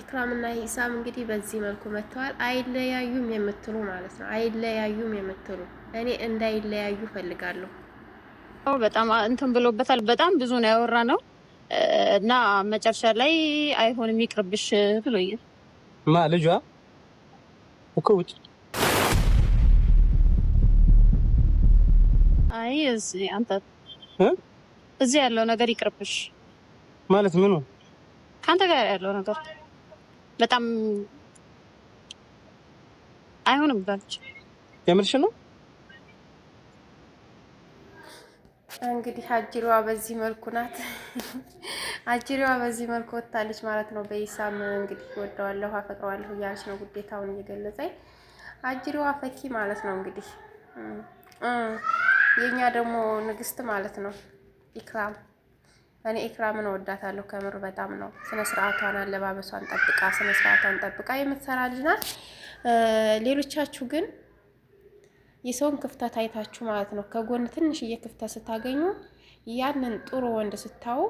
ኢክራምና ሂሳም እንግዲህ በዚህ መልኩ መጥተዋል። አይለያዩም የምትሉ ማለት ነው። አይለያዩም የምትሉ እኔ እንዳይለያዩ ፈልጋለሁ። በጣም እንትን ብሎበታል። በጣም ብዙ ነው ያወራ ነው እና መጨረሻ ላይ አይሆንም ይቅርብሽ ብሎኛል። ማ ልጇ እኮ ውጭ አይ እዚህ አንተ እዚህ ያለው ነገር ይቅርብሽ ማለት ምኑ ከአንተ ጋር ያለው ነገር በጣም አይሆንም። ባልች የምርሽ ነው። እንግዲህ አጅሪዋ በዚህ መልኩ ናት። አጅሪዋ በዚህ መልኩ ወጥታለች ማለት ነው። በኢሳም እንግዲህ ወደዋለሁ አፈቅረዋለሁ እያለች ነው ጉዴታውን እየገለጸኝ አጅሪዋ ፈኪ ማለት ነው። እንግዲህ የእኛ ደግሞ ንግስት ማለት ነው ኢክራም እኔ ኤክራምን ወዳታለሁ ከምር በጣም ነው። ስነ ስርዓቷን፣ አለባበሷን ጠብቃ ስነ ስርዓቷን ጠብቃ የምትሰራ ልጅናት። ሌሎቻችሁ ግን የሰውን ክፍተት አይታችሁ ማለት ነው ከጎን ትንሽዬ ክፍተት ስታገኙ ያንን ጥሩ ወንድ ስታዩ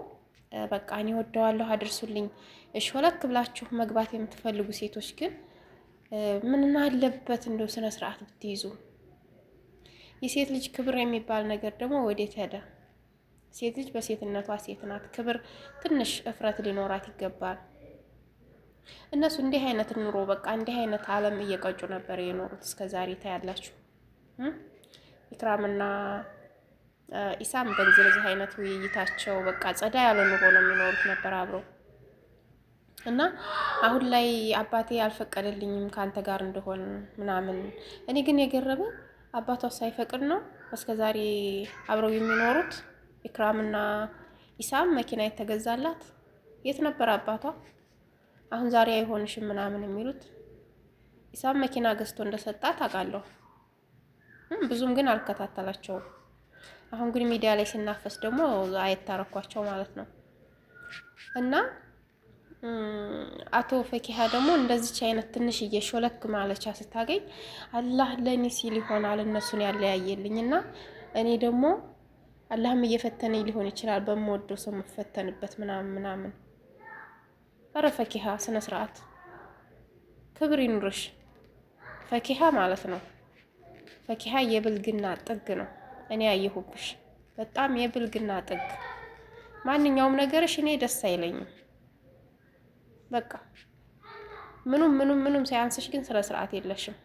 በቃ እኔ ወደዋለሁ አድርሱልኝ፣ እሽ ወለክ ብላችሁ መግባት የምትፈልጉ ሴቶች ግን ምን አለበት እንደው ስነ ስርዓት ብትይዙ። የሴት ልጅ ክብር የሚባል ነገር ደግሞ ወዴት ሄደ? ሴት ልጅ በሴትነቷ ሴት ናት። ክብር ትንሽ እፍረት ሊኖራት ይገባል። እነሱ እንዲህ አይነት ኑሮ በቃ እንዲህ አይነት ዓለም እየቀጩ ነበር የኖሩት እስከ ዛሬ ታያላችሁ። ኢክራምና ኢሳም በዚህ አይነት ውይይታቸው በቃ ጸዳ ያለ ኑሮ ነው የሚኖሩት ነበር አብረው እና አሁን ላይ አባቴ አልፈቀደልኝም ከአንተ ጋር እንደሆን ምናምን። እኔ ግን የገረበ አባቷ ሳይፈቅድ ነው እስከ ዛሬ አብረው የሚኖሩት። ኢክራምና ኢሳም መኪና የተገዛላት የት ነበር አባቷ? አሁን ዛሬ አይሆንሽም ምናምን የሚሉት ኢሳም መኪና ገዝቶ እንደሰጣት አውቃለሁ። ብዙም ግን አልከታተላቸውም። አሁን ግን ሚዲያ ላይ ሲናፈስ ደግሞ አይታረኳቸው ማለት ነው። እና አቶ ፈኪሃ ደግሞ እንደዚች አይነት ትንሽዬ ሾለክ ማለቻ ስታገኝ አላህ ለእኔ ሲል ይሆናል እነሱን ያለያየልኝ እና እኔ ደግሞ አላህም እየፈተነኝ ሊሆን ይችላል በምወደው ሰው የምፈተንበት ምናምን ምናምን። ኧረ ፈኪሀ ስነ ስርዓት ክብር ይኑርሽ። ፈኪሃ ማለት ነው። ፈኪሃ የብልግና ጥግ ነው። እኔ አየሁብሽ። በጣም የብልግና ጥግ። ማንኛውም ነገርሽ እኔ ደስ አይለኝም። በቃ ምኑም ምኑም ምኑም ሳያንስሽ ግን ስነ ስርዓት የለሽም።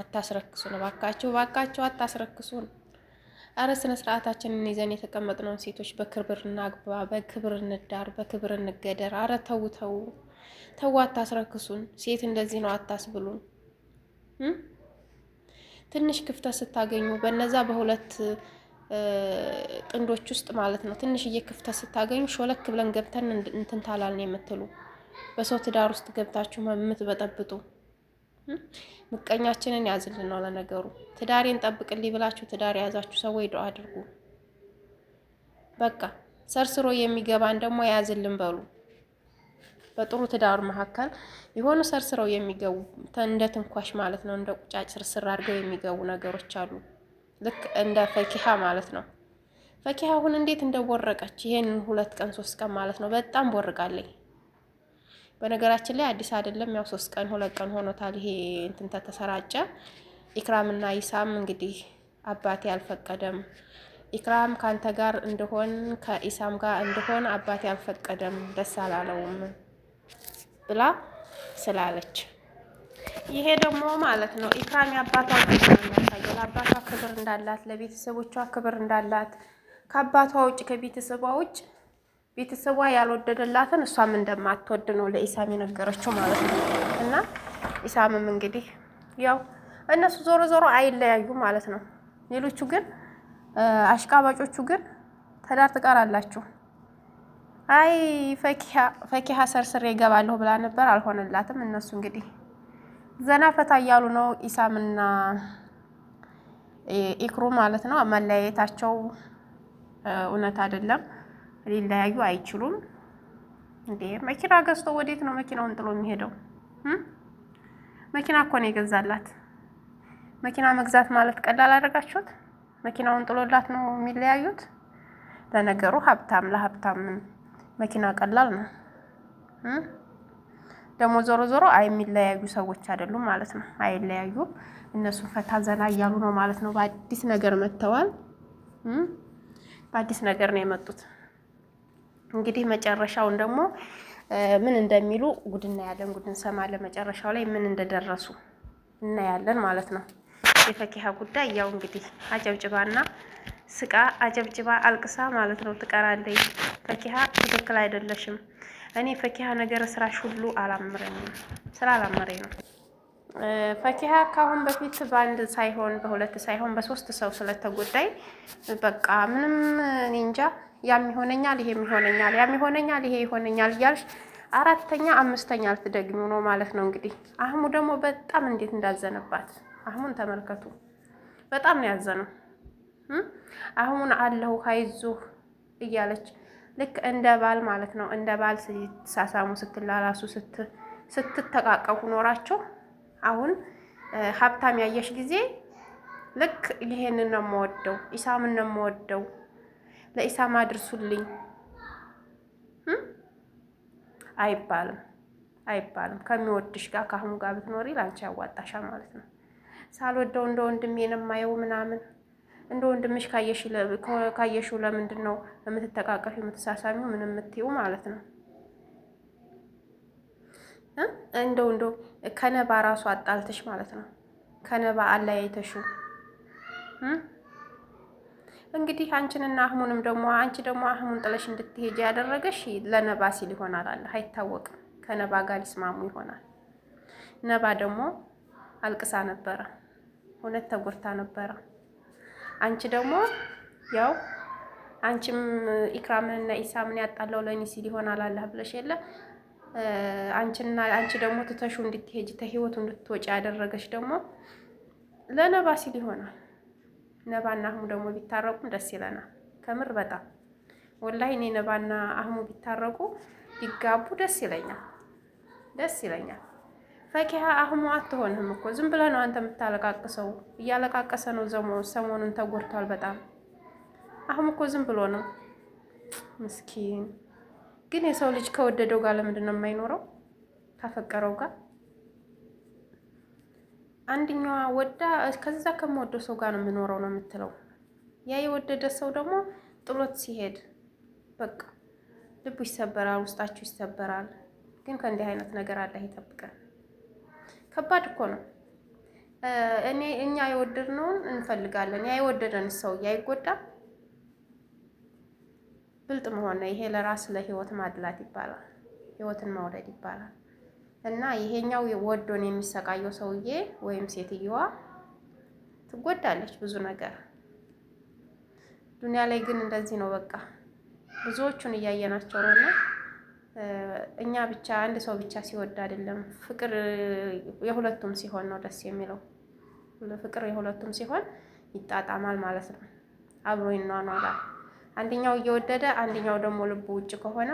አታስረክሱን፣ እባካችሁ እባካችሁ አታስረክሱን። አረ ስነ ስርዓታችንን ይዘን የተቀመጥነውን ሴቶች በክብር እናግባ፣ በክብር እንዳር፣ በክብር እንገደር። አረ ተው ተው ተው፣ አታስረክሱን። ሴት እንደዚህ ነው አታስብሉን። ትንሽ ክፍተት ስታገኙ በነዛ በሁለት ጥንዶች ውስጥ ማለት ነው። ትንሽዬ ክፍተት ስታገኙ ሾለክ ብለን ገብተን እንትንታላልን የምትሉ በሰው ትዳር ውስጥ ገብታችሁ የምትበጠብጡ ምቀኛችንን ያዝልን ነው ለነገሩ። ትዳሬን ጠብቅልኝ ብላችሁ ትዳር የያዛችሁ ሰዎች ዱአ አድርጉ። በቃ ሰርስሮ የሚገባን ደግሞ ያዝልን በሉ። በጥሩ ትዳር መካከል የሆኑ ሰርስረው የሚገቡ እንደ ትንኳሽ ማለት ነው፣ እንደ ቁጫጭ ስርስር አድርገው የሚገቡ ነገሮች አሉ። ልክ እንደ ፈኪሃ ማለት ነው። ፈኪሃ አሁን እንዴት እንደቦረቀች ይሄንን ሁለት ቀን ሶስት ቀን ማለት ነው በጣም ቦርቃለኝ። በነገራችን ላይ አዲስ አይደለም። ያው ሶስት ቀን ሁለት ቀን ሆኖታል ይሄ እንትን ተተሰራጨ። ኢክራምና ኢሳም እንግዲህ አባቴ አልፈቀደም ኢክራም ካንተ ጋር እንደሆን ከኢሳም ጋር እንደሆን አባቴ አልፈቀደም ደስ አላለውም ብላ ስላለች ይሄ ደግሞ ማለት ነው ኢክራም የአባቷ ክብር አባቷ ክብር እንዳላት፣ ለቤተሰቦቿ ክብር እንዳላት ከአባቷ ውጭ ከቤተሰቧ ውጭ ቤተሰቧ ያልወደደላትን እሷም እንደማትወድ ነው ለኢሳም የነገረችው ማለት ነው። እና ኢሳምም እንግዲህ ያው እነሱ ዞሮ ዞሮ አይለያዩ ማለት ነው። ሌሎቹ ግን አሽቃባጮቹ ግን ትዳር ትቀራላችሁ። አይ ፈኪሀ ሰርስሬ እገባለሁ ብላ ነበር፣ አልሆነላትም። እነሱ እንግዲህ ዘና ፈታ እያሉ ነው ኢሳምና ኢክሩ ማለት ነው። መለያየታቸው እውነት አይደለም። ሊለያዩ አይችሉም። እንዴ መኪና ገዝቶ ወዴት ነው መኪናውን ጥሎ የሚሄደው? መኪና እኮ ነው የገዛላት። መኪና መግዛት ማለት ቀላል አደረጋችሁት። መኪናውን ጥሎላት ነው የሚለያዩት። ለነገሩ ሀብታም ለሀብታም መኪና ቀላል ነው። ደግሞ ዞሮ ዞሮ የሚለያዩ ሰዎች አይደሉም ማለት ነው። አይለያዩም። እነሱን ፈታ ዘና እያሉ ነው ማለት ነው። በአዲስ ነገር መጥተዋል። በአዲስ ነገር ነው የመጡት። እንግዲህ መጨረሻውን ደግሞ ምን እንደሚሉ ጉድ እናያለን። ጉድ እንሰማለን። መጨረሻው ላይ ምን እንደደረሱ እናያለን ማለት ነው። የፈኪሀ ጉዳይ ያው እንግዲህ አጨብጭባና ስቃ አጨብጭባ አልቅሳ ማለት ነው ትቀራለች። ፈኪሀ ትክክል አይደለሽም። እኔ ፈኪሀ ነገር ስራሽ ሁሉ አላመረኝም። ስራ አላምረኝ ነው። ፈኪሀ ከአሁን በፊት በአንድ ሳይሆን በሁለት ሳይሆን በሶስት ሰው ስለተጎዳይ በቃ ምንም እኔ እንጃ ያም ይሆነኛል፣ ይሄም ይሆነኛል፣ ያም ይሆነኛል፣ ይሄ ይሆነኛል እያልሽ አራተኛ አምስተኛ ልትደግሚው ነው ማለት ነው። እንግዲህ አህሙ ደግሞ በጣም እንዴት እንዳዘነባት አህሙን ተመልከቱ። በጣም ነው ያዘነው። አህሙን አለሁ አይዞህ እያለች ልክ እንደ ባል ማለት ነው እንደ ባል ሲሳሳሙ ስትላላሱ ስትተቃቀፉ ኖራቸው አሁን ሀብታም ያየሽ ጊዜ ልክ ይሄንን ነው የምወደው ኢሳምን ነው የምወደው ለኢሳም አድርሱልኝ አይባልም አይባልም። ከሚወድሽ ጋር ከአህሙ ጋር ብትኖሪ ላንቺ ያዋጣሻ ማለት ነው። ሳልወደው እንደ ወንድሜ ነው የማየው ምናምን እንደ ወንድምሽ ካየሽው ለምንድን ነው የምትተቃቀፍ የምትሳሳሚው ምን የምትይው ማለት ነው። እንደው እንደው ከነባ ራሱ አጣልተሽ ማለት ነው። ከነባ አለያይተሽው እንግዲህ አንቺንና አህሙንም ደግሞ አንቺ ደግሞ አህሙን ጥለሽ እንድትሄጅ ያደረገሽ ለነባ ሲል ይሆናል አለ አይታወቅም። ከነባ ጋር ሊስማሙ ይሆናል። ነባ ደግሞ አልቅሳ ነበረ፣ እውነት ተጎድታ ነበረ። አንቺ ደግሞ ያው አንቺም ኢክራምንና ኢሳምን ያጣለው ለእኔ ሲል ይሆናል አለ ብለሽ የለ አንቺና አንቺ ደግሞ ትተሹ እንድትሄጅ ተህይወቱ እንድትወጪ ያደረገሽ ደግሞ ለነባ ሲል ይሆናል። ነባና አህሙ ደግሞ ቢታረቁም ደስ ይለናል። ከምር በጣም ወላሂ እኔ ነባና አህሙ ቢታረቁ ቢጋቡ ደስ ይለኛል፣ ደስ ይለኛል። ፈኪሃ አህሙ አትሆንህም እኮ ዝም ብለህ ነው አንተ የምታለቃቅሰው። እያለቃቀሰ ነው ሰሞኑን ተጎድቷል በጣም አህሙ እኮ ዝም ብሎ ነው ምስኪን። ግን የሰው ልጅ ከወደደው ጋር ለምንድን ነው የማይኖረው? ካፈቀረው ጋር አንደኛዋ ወዳ ከዛ ከምወደው ሰው ጋር ነው የምኖረው ነው የምትለው። ያ የወደደ ሰው ደግሞ ጥሎት ሲሄድ በቃ ልቡ ይሰበራል፣ ውስጣችሁ ይሰበራል። ግን ከእንዲህ አይነት ነገር አላህ ይጠብቀን። ከባድ እኮ ነው። እኔ እኛ የወደድነውን እንፈልጋለን። ያ የወደደን ሰውዬ አይጎዳም። ብልጥ መሆን ነው ይሄ። ለራስ ለህይወት ማድላት ይባላል። ህይወትን መውደድ ይባላል። እና ይሄኛው ወዶን የሚሰቃየው ሰውዬ ወይም ሴትየዋ ትጎዳለች ብዙ ነገር። ዱንያ ላይ ግን እንደዚህ ነው በቃ ብዙዎቹን እያየናቸው ነው። እና እኛ ብቻ አንድ ሰው ብቻ ሲወድ አይደለም ፍቅር የሁለቱም ሲሆን ነው ደስ የሚለው። ፍቅር የሁለቱም ሲሆን ይጣጣማል ማለት ነው። አብሮ ይኗኗላል። አንደኛው እየወደደ አንደኛው ደግሞ ልቡ ውጭ ከሆነ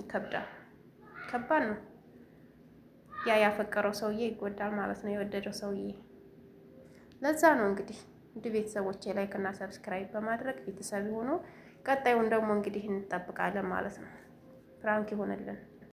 ይከብዳል። ከባድ ነው። ያ ያፈቀረው ሰውዬ ይጎዳል ማለት ነው፣ የወደደው ሰውዬ። ለዛ ነው እንግዲህ እንዲህ ቤተሰቦቼ ላይክ እና ሰብስክራይብ በማድረግ ቤተሰብ ሆኖ ቀጣዩን ደግሞ እንግዲህ እንጠብቃለን ማለት ነው። ፕራንክ ይሆንልን።